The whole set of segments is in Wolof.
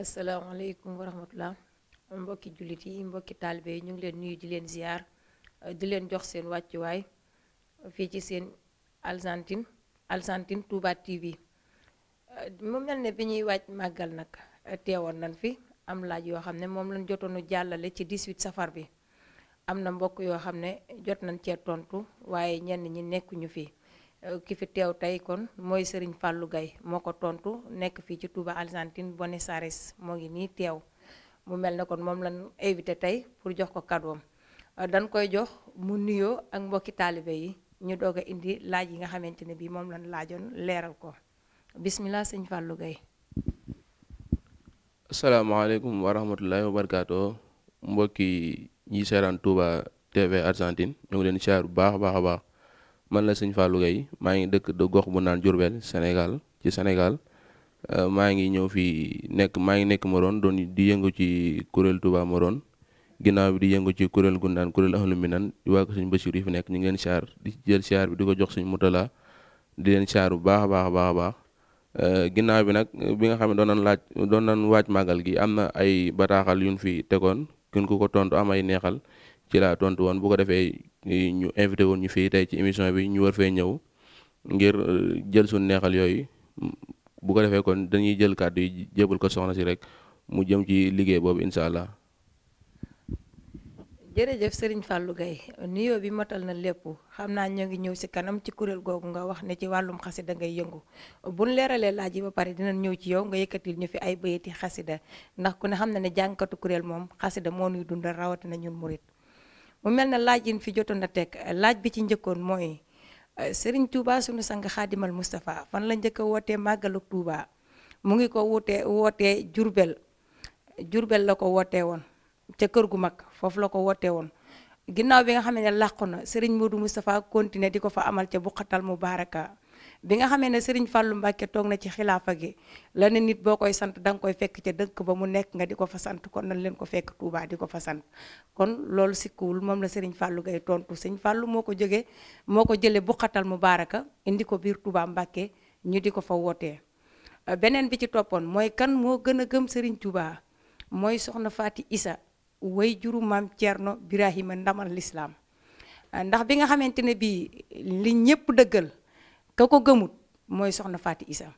asalaamaaleykum wa rahmatulah mbokki jullit yi mbokki taalibe yi ñu ngi leen nuyu di leen ziar di leen jox seen wàccuwaay fii ci seen Argentine Argentine Touba TV mu mel ne bi ñuy wàcc màggal nag teewoon nañ fi am laaj yoo xam ne moom lañ jotoonu jàllale ci 18 safar bi am na mbokk yoo xam ne jot nañ cee tontu waaye ñenn ñi nekkuñu fi. Euh, ki fi teew tey kon mooy Serigne Fallou Gaye moo ko tontu nekk fii ci Touba Argentine Buenos Aires moo ngi nii teew mu mel ne kon moom lañ invité tey pour jox ko kàddoom euh, dañ koy jox mu nuyoo ak mbokki taalibe yi ñu doog indi laaj yi nga xamante ne bii moom lañ laajoon leeral ko bismillah Sëñ Fallou Gaye asalaamaaleykum wa rahmatullahi wa barakaatu mbokki ñi seeraan Touba TV Argentine ñu ngi leen siyaar bu baax a baax a baax man la sëñ Fallou Gueye maa ngi dëkk de gox bu naan Diourbel Sénégal ci Sénégal euh, maa ngi ñëw fii nekk maa ngi nekk Morone doon di yëngu ci kuréel Touba moroon ginnaaw bi di yëngu ci kuréel gu naan kuréel ahlu minan di waa ko sëñ Bachir yi fi nekk ñu ngi leen siyaar di jël siyaar bi di ko jox sëñ Moutala di leen siyaar bu baax a baax a baax a baax euh, ginnaaw bi nag bi nga xam ne doon nañ laaj doon nañ waaj màggal gi am na ay bataaxal yuñ fi tegoon kun ku ko tontu am ay neexal ci laa tontu woon bu ko defee eh, ñu invité woon ñu fii tey ci émission bi ñu war fee ñëw ngir eh, jël suñ neexal yooyu bu ko defee kon dañuy jël kàddu yi jébal ko soxna si rek mu jëm ci liggéey boobu incha allah. jërëjëf Serigne Fallou Gueye nuyoo bi matal na lépp xam naa ñoo ngi ñëw si kanam ci kuréel googu nga wax ne ci wàllum xasida ngay yëngu bu ñu leeralee laaj yi ba pare dinañ ñëw ci yow nga yëkkatil ñu fi ay bayati xasida ndax ku ne xam na ne jàngkatu kuréel moom xasida moo nuy dundal rawatina ñun murit mu mel na laaj yin fi jotoon na teg laaj bi ci njëkkoon mooy eh, Serigne Touba sunu sang xaadimal Moustapha fan la njëkk a wootee màggalu Touba mu ngi ko wootee wootee Jurbel Jurbel la ko wootee woon ca kër gu mag foofu la ko wootee woon ginnaaw bi nga xam ne làqu na Serigne Modou Moustapha continué di ko fa amal ca buqatal mu baaraka bi nga xamee ne Serigne fàllu mbàkke toog na ci xilaafa gi la ne nit boo koy sant da koy fekk ca dëkk ba mu nekk nga di ko fa sant kon nañ leen ko fekk Touba di ko fa sant kon loolu sikkuwul moom la Serigne fàllu Gaye tontu sëñ fàllu moo ko jógee moo ko jëlee bu xatal mu baaraka indi ko biir Touba Mbacké ñu di ko fa wootee euh, beneen bi ci toppoon mooy kan moo gën a gëm Serigne Touba mooy soxna Faati Isa way juru maam Thierno Birahima ndamal lislaam euh, ndax bi nga xamante ne bii li ñëpp dëggal ka ko gëmut mooy soxna Faati Isa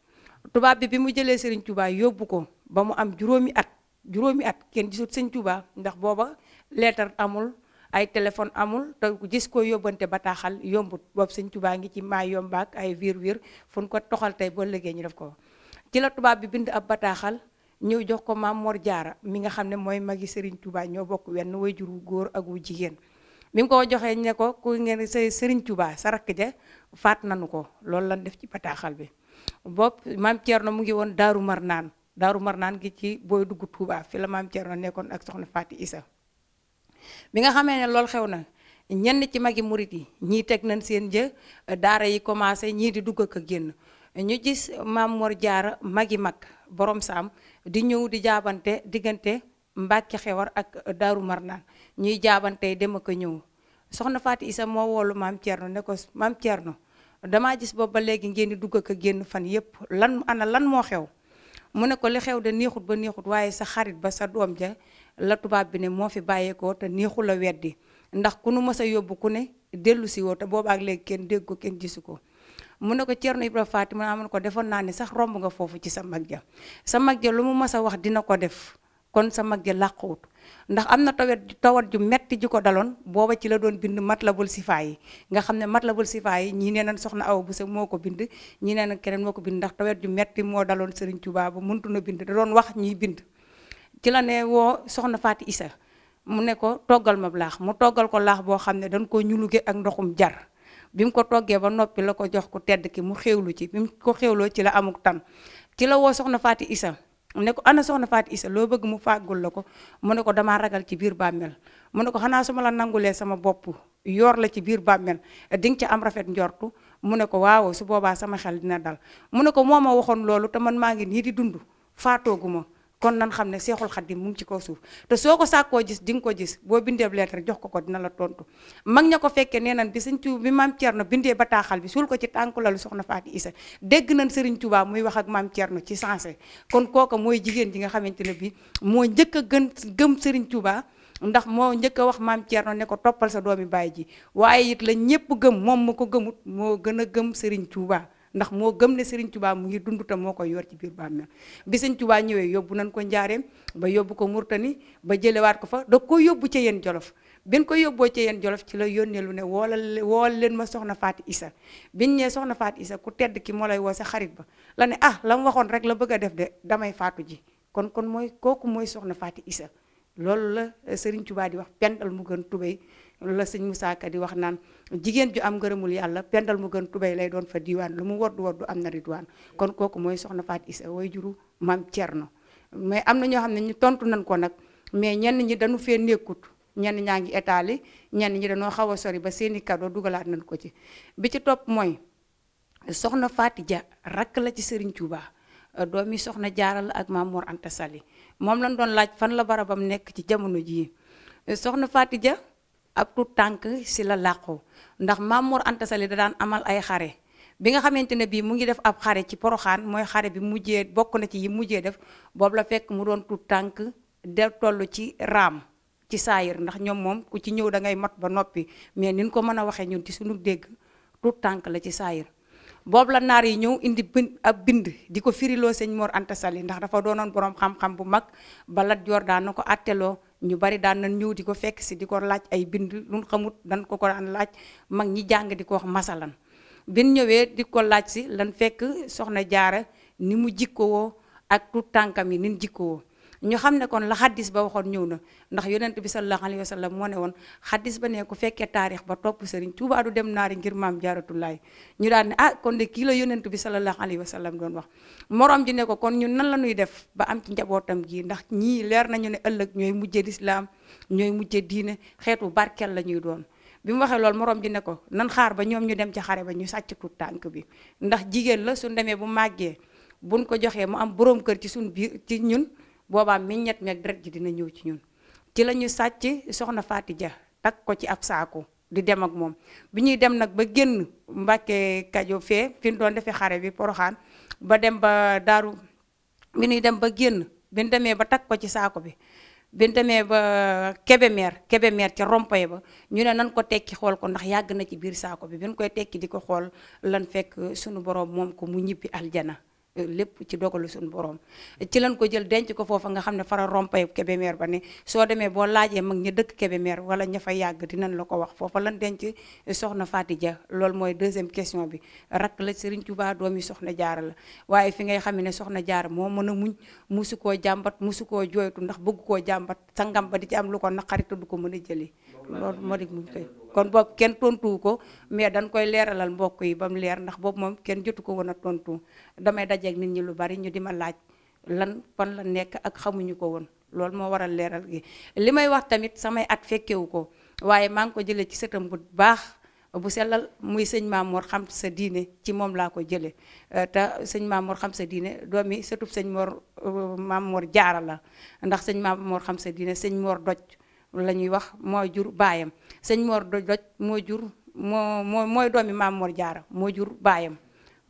tubaab bi bi mu jëlee Serigne Touba yóbbu ko ba mu am juróomi at juróomi at kenn gisut sëñ ndax booba leetar amul ay téléphone amul te gis ko yóbbante bataaxal yombut boobu sëñ Touba ngi ci maay yombaak ay wiir wiir fu ko toxal tey boo léegi ñu def ko ci la tubaab bi bind ab bataaxal ñëw jox ko maam Mor Jaara mi nga xam ne mooy magi Serigne Touba ñoo bokk wenn way jur wu góor ak wu jigéen bi mu ko joxee ñu ne ko ku ngeen say Serigne Touba sa rakk ja faat nañu ko loolu lan def ci bataaxal bi bopp maam Thierno mu ngi woon Daaru mar naan Daaru mar naan gi ci booy dugg Touba fi la maam Thierno nekkoon ak soxna Faati Isa bi nga xamee ne loolu xew na ñenn ci magi murit yi ñii teg nañ seen jë daara yi commencé ñii di dugg ak génn ñu ci maam Mor Jaara magi mag borom saam di ñëw di jaabante diggante Mbacke xewar ak Daaru mar Marnaan ñuy jaabantey dem ak a ñëw soxna Faati Isa moo woolu maam Thierno ne ko maam Thierno damaa gis boobu ba léegi ngeen di dugg ak a génn fan yépp lan ana lan moo xew mu ne ko li xew de neexut ba neexut waaye sa xarit ba sa doom ja la tubaab bi ne moo fi bàyyeekoo te neexul a weddi ndax ku nu mës a yóbbu ku ne dellu si woo te boobaak léegi kenn dégg kenn gisu ko mu ne ko Thierno Ibrahima Faati mu ne ko defoon naa ne sax romb nga foofu ci sa mag ja sa mag ja lu mu mës a wax dina ko def kon sa mag ja làquwut ndax am na tawet tawat ju metti ji ko daloon booba ci la doon bind mat matlabul sifaa yi nga xam ne matlabul sifaa yi ñii nee nañ soxna aw bu sa moo ko bind ñii nee nañ keneen moo ko bind ndax tawet ju metti moo daloon Serigne Touba ba muntu na bind da doon wax ñii bind ci la ne woo soxna Faati Isa mu ne ko toggal ma laax mu toggal ko laax boo xam ne dañ koo ñuluge ak ndoxum jar bi mu ko toggee ba noppi la ko jox ku tedd ki mu xéwlu ci bi mu ko ci la amuk tan ci la woo soxna Faati Isa ne ko ana soxna Fatou Issa loo bëgg mu fàggul la ko mu ne ko damaa ragal ci biir bàmmeel mu ne ko xanaa su ma la nangulee sama bopp yoor la ci biir bàmmeel di nga ca am rafet njortu mu ne ko waaw su boobaa sama xel dina dal mu ne ko moo ma waxoon loolu te man maa ngi nii di dund faatoogu ma kon nan xam ne seexul xaddim mu ngi ci kaw suuf te soo ko saakoo gis di nga ko gis boo bindee lettre rek jox ko ko dina la tontu mag ña ko fekkee nee nan bi sëñ Tuuba bi maam Cerno bindee bataaxal bi suul ko ci tànku lalu soxna Faati Isa dégg nañ sëriñ Tuuba muy wax ak maam Cerno ci sensé kon kooka mooy jigéen ji nga xamante ne bi moo njëkk a gën gëm sëriñ Tuuba ndax moo njëkk wax maam Cerno ne ko toppal sa doomi baay ji waaye it la ñëpp gëm moom mu ko gëmut moo gën a gëm sëriñ Tuuba ndax moo gëm ne Serigne Touba mu ngi dund te moo ko yor ci biir bàmmeel bi Serigne Touba ñëwee yóbbu nañ ko njaareem ba yóbbu ko Murtani ba jëlewaat ko fa da ko yóbbu ca yéen jolof bin ko yóbboo ci yéen jolof ci la yónnee lu ne woolal wool leen ma soxna Faati Isa biñ ñee soxna Faati Isa ku tedd ki moo lay woo sa xarit ba la ne ah la waxoon rek la bëgg a def de damay faatu ji kon kon mooy kooku mooy soxna Faati Isa loolu la Serigne Touba di wax pendal mu gën tubéy la sëñ Moussa Ka di wax naan jigéen ju am ngërëmul yàlla pendal mu gën tubéy lay doon fa diwaan lu mu wardu wardu am na ridwaan kon kooku mooy soxna Faat Isa way juru maam Cerno mais am na ñoo xam ne ñu tontu nañ ko nag mais ñenn ñi dañu fee nekkut ñenn ñaa ngi étali ñenn ñi dañoo xaw a sori ba seeni cadeau dugalaat nañ ko ci bi ci topp mooy soxna Faati Ja rakk la ci Serigne Touba doomi soxna jaaral ak maam Mor Anta Sali moom lañ doon laaj fan la bara ba mu nekk ci jamono jii soxna Faati ak tu tànk si la làqu ndax Maam Mor Anta da daan amal ay xare bi nga xamante ne bii mu ngi def ab xare ci poroxaan mooy xare bi mujjee bokk na ci yi mujjee def boobu la fekk mu doon tu tànk de toll ci raam ci saayir ndax ñoom moom ku ci ñëw da ngay mat ba noppi mais nin ko mën a waxee ñun ci suñu dégg tu tànk la ci saayir boobu la naar yi ñëw indi bind ab bind di ko firiloo sëñ Mor Anta ndax dafa doonoon borom xam-xam bu mag ba Lat Joor daan na ko atteloo ñu bari daan nañ ñëw di ko fekk si di ko laaj ay bind lu xamut dañ ko ko daan laaj mag ñi jàng di ko wax masalan bin ñëwee di ko laaj si lan fekk soxna jaara ni mu jikkowoo ak tout tànkam yi nin jikkowoo ñu xam ne kon la xaddis ba waxoon ñëw na ndax yonent bi sallallahu alayhi wa sallam moo ne woon xaddis ba ne ku fekkee taarix ba topp sëriñ Tuubaa du dem naari ngir maam jaaratullaay ñu daan ne ah kon de kii la yonent bi sallallahu alayhi wa sallam doon wax morom ji ne ko kon ñun nan la ñuy def ba am ci njabootam gii ndax ñii leer nañu ne ëllëg ñooy mujje lislaam ñooy mujje diine xeetu barkeel la ñuy doon bi mu waxee loolu morom ji ne ko nan xaar ba ñoom ñu dem ci xare ba ñu sàcc tànk bi ndax jigéen la su demee bu màggee buñ ko joxee mu am borom kër ci suñ biir ci ñun boobaa meññet mi ak deret ji dina ñëw ci ñun ci la sàcc soxna Faati Ja takk ko ci ab saako di dem ak moom bi ñuy dem nag ba génn Mbàkke Kajo fee doon defee xare bi Poroxaan ba dem ba daaru bi ñuy dem ba génn bi demee ba takk ko ci saako bi bi ñu demee ba Kébémer Kébémer ca Rompoy ba ñu ne nan ko tekki xool ko ndax yàgg na ci biir saako bi bi koy tekki di ko xool lan fekk sunu borom moom ko mu ñibbi aljana lépp ci dogalu suñu borom ci lañ ko jël denc ko foofa nga xam ne fara rompay Kébémer ba ne soo demee boo laajee mag ña dëkk Kébémer wala ña fa yàgg dinañ la ko wax foofa lan denc soxna Faty Dia loolu mooy deuxième question bi rakk la Serigne Touba doom yi soxna jaara la waaye fi ngay xam ne soxna jaara moo mën a muñ musu koo jàmbat musu koo jooytu ndax bëggu koo jàmbat sangam ba di ci am lu ko naqari te du ko mën a jëli loolu moo di muñ koy kon boobu kenn tontuwu ko mais dañ koy leeralal mbokk yi ba mu leer ndax boobu moom kenn jotu ko woon a tontu dajeeg nit ñi lu bari ñu di ma laaj lan fan la nekk ak xamuñu ko woon loolu moo waral leeral gi li may wax tamit samay at fekkewu ko waaye maa ngi ko jëlee ci sëtam bu baax bu sellal muy sëñ Mamour xam sa diine ci moom laa ko jëlee euh, te sëñ Mamour xam sa diine doomi sëtub sëñ Mor euh, Mamour Jaara la ndax sëñ Mamour xam sa diine sëñ Mor Doj la ñuy wax moo jur baayam sëñ Mor Doj moo jur moo moo mooy doomi Mamour Jaara moo jur baayam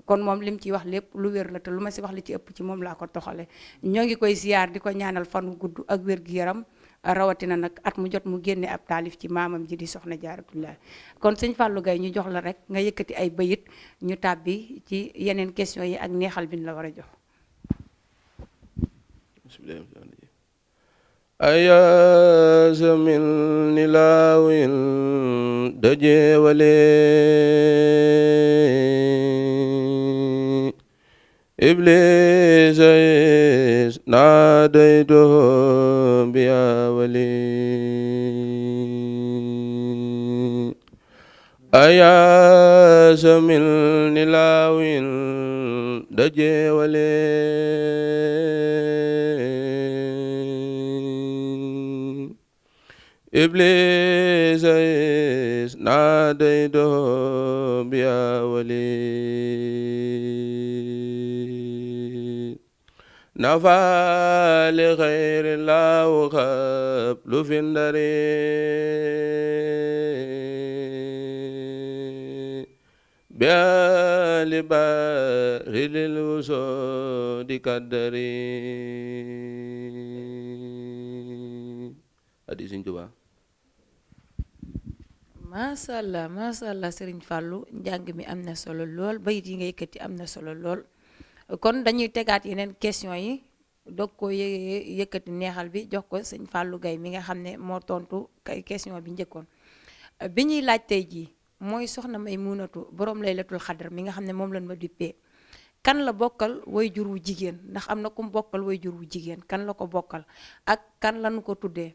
kon moom lim ci wax lépp lu wér la te lu ma si wax li ci ëpp ci moom laa ko toxale ñoo ngi koy siyaar di ko ñaanal fan wu gudd ak wér gu yaram rawatina nag at mu jot mu génne ab taalif ci maamam ji di soxna jaaratullahi kon sëñ Fallou Gaye ñu jox la rek nga yëkkati ay bëyit ñu tàbbi ci yeneen question yi ak neexal bi la war a jox. ayazamil ni laawil dajeewale iblisa yes naa day doxo biyaawale ayazamil ni laawil dajeewale إبليس ناديته يا ولي نفع لغير الله قبل في الدري بيال بار للوسود قدري هذه سنجوبه macha allah macha allah Serigne Fallou njàng mi am na solo lool bayit yi nga yëkkati am na solo lool kon dañuy tegaat yeneen question yi doog ko yëkkati neexal bi jox ko sëñ Fallou Gaye mi nga xam ne moo tontu question bi njëkkoon bi ñuy laaj tey jii mooy soxna may muunatu borom laylatul xadar mi nga xam ne moom lañu ma dippee kan la bokkal way jur wu jigéen ndax am na ku mu bokkal way jur wu jigéen kan la ko bokkal ak kan lañu ko tuddee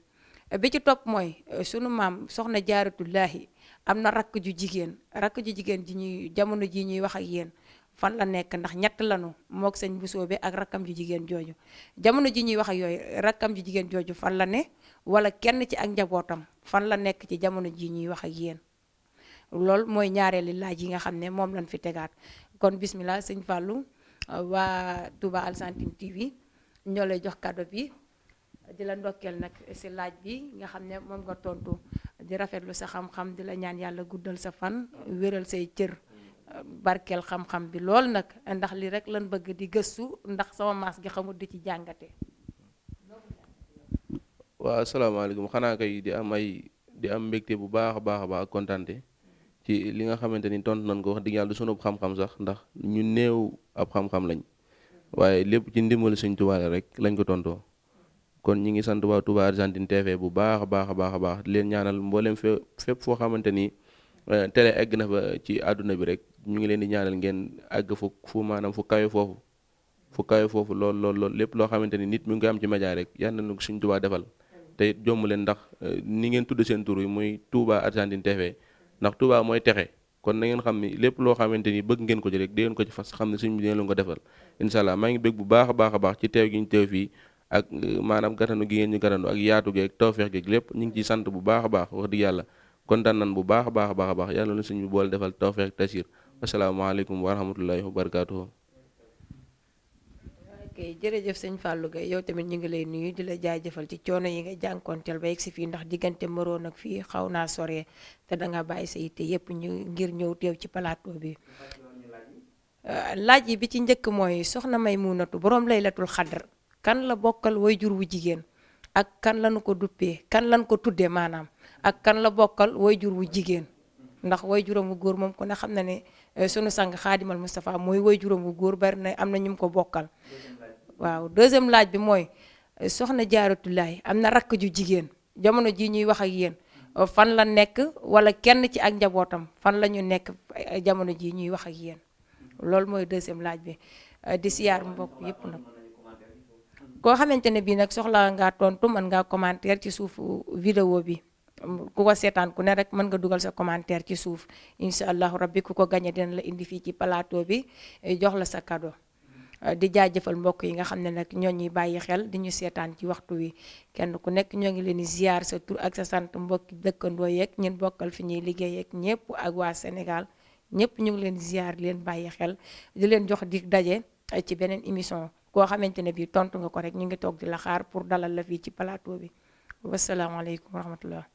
Eh, bi ci topp mooy eh, sunu maam soxna jaaratullaahi am na rakk ju jigéen rakk ju jigéen ji ñuy jamono ji ñuy wax ak yéen fan la nekk ndax ñett lanu mook sëñ bu soobee ak rakkam ju jigéen jooju jamono ji ñuy wax ak yooyu rakkam ju jigéen jooju fan la ne wala kenn ci ak njabootam fan la nekk ci jamono ji ñuy wax ak yéen loolu mooy ñaareeli laaj yi nga xam ne moom lañ fi tegaat kon bismillah sëñ Fallou waa Touba Argentine TV ñoo lay jox kàddu bi di la ndokkeel nag si laaj bi nga xam ne moom nga tontu di rafetlu sa xam-xam di la ñaan yàlla guddal sa fan wéral say cër barkeel xam-xam bi lool nag ndax li rek lan bëgg di gëstu ndax sama maas gi xamul di ci jàngate waaw asalaamaaleykum xanaa kay di am ay di am mbégte bu baax a baax a baax ak kontaante ci li nga xamante ni tontu nañ ko digg yàlla du sunub xam-xam sax ndax ñu néew ab xam-xam lañ waaye lépp ci ndimbalu Sëñ Tuubaa rek lañ ko tontoo kon ñi ngi sant tubaa Touba Argentine TV bu baax a baax a baax a baax leen ñaanal mboolem fee fépp foo xamante ni euh, télé egg na fa ci àdduna bi rek ñu ngi leen di ñaanal ngeen àgg fu fu maanam fu kawe foofu fu kawe lool lool lool lépp loo xamante ni nit mi ngi am ci média rek yal nañu suñ Touba te it jomm leen ndax euh, ni ngeen tudd seen yi muy tubaa Argentine TV ndax Touba mooy texe. kon na ngeen xam ni lépp loo xamante ni bëgg ngeen ko ci rek di ngeen ko ci fas xam ne suñ bi dina leen defal incha maa ngi bëgg bu baax baax a baax ci teew gi fii ak euh, maanaam gatanu gi ngeen ñu gatanu ak yaatu geeg tawféex geeg lépp ñu ngi ciy sant bu baax baax wax dëgg yàlla kontaan nan bu baax a baax a baax a baax yàlla na suñu boole defal tawféex tasir asalaamaaleykum wa rahmatullahi wa barakaatuhu. ok jërëjëf sëñ Fallou Gueye yow tamit ñu ngi lay nuyu di la jaajëfal ci coono yi nga jànkoonteel ba si fii ndax diggante Morone ak fii xaw naa sore te danga nga bàyyi sa yitte yépp ñu ngir ñëw teew ci plateau bi. Euh, laaj yi bi ci njëkk mooy soxna may mu Maymunatu borom laylatul xadr kan la bokkal jur wu jigéen ak kan lañu ko duppee kan lañ ko tuddee maanaam ak kan la bokkal jur wu jigéen ndax way wayjuram wu góor moom ku ne xam na ne eh, sunu sang xaadimal Moustapha mooy juróom wu góor bari na am na ñu mu ko bokkal. waaw deuxième laaj bi mooy eh, soxna Jaaratulaay am na rakk ju jigéen jamono jii ñuy wax ak yéen fan la nekk wala kenn ci ak njabootam fan la ñu nekk eh, jamono jii ñuy wax ak yéen loolu mooy deuxième laaj bi di siyaar mbokk yépp koo xamante ne bii nag soxla ngaa tontu mën ngaa commentaire ci suufu vidéo bi ku ko seetaan ku ne rek mën nga dugal sa commentaire ci suuf incha allahu rabbi ku ko gañe dina la indi fii ci plateau bi eh, jox la sa kado eh, di jaajëfal mbokk yi nga xam ne nag ñoo ñuy bàyyi xel di ñu seetaan ci waxtu wi kenn ku nekk ñoo ngi leen di ziar sa tur ak sa sant mbokki dëkkandoo yeeg ñun bokkal fi ñuy liggéey yeeg ñëpp ak waa Sénégal ñëpp ñu ngi leen ziar leen bàyyi xel di leen jox di daje eh, ci beneen émission. boo xamante ne bii tontu nga ko rek ñu ngi toog di la xaar pour dalal la fii ci plateau bi wasalaamaaleykum wa rahmatullah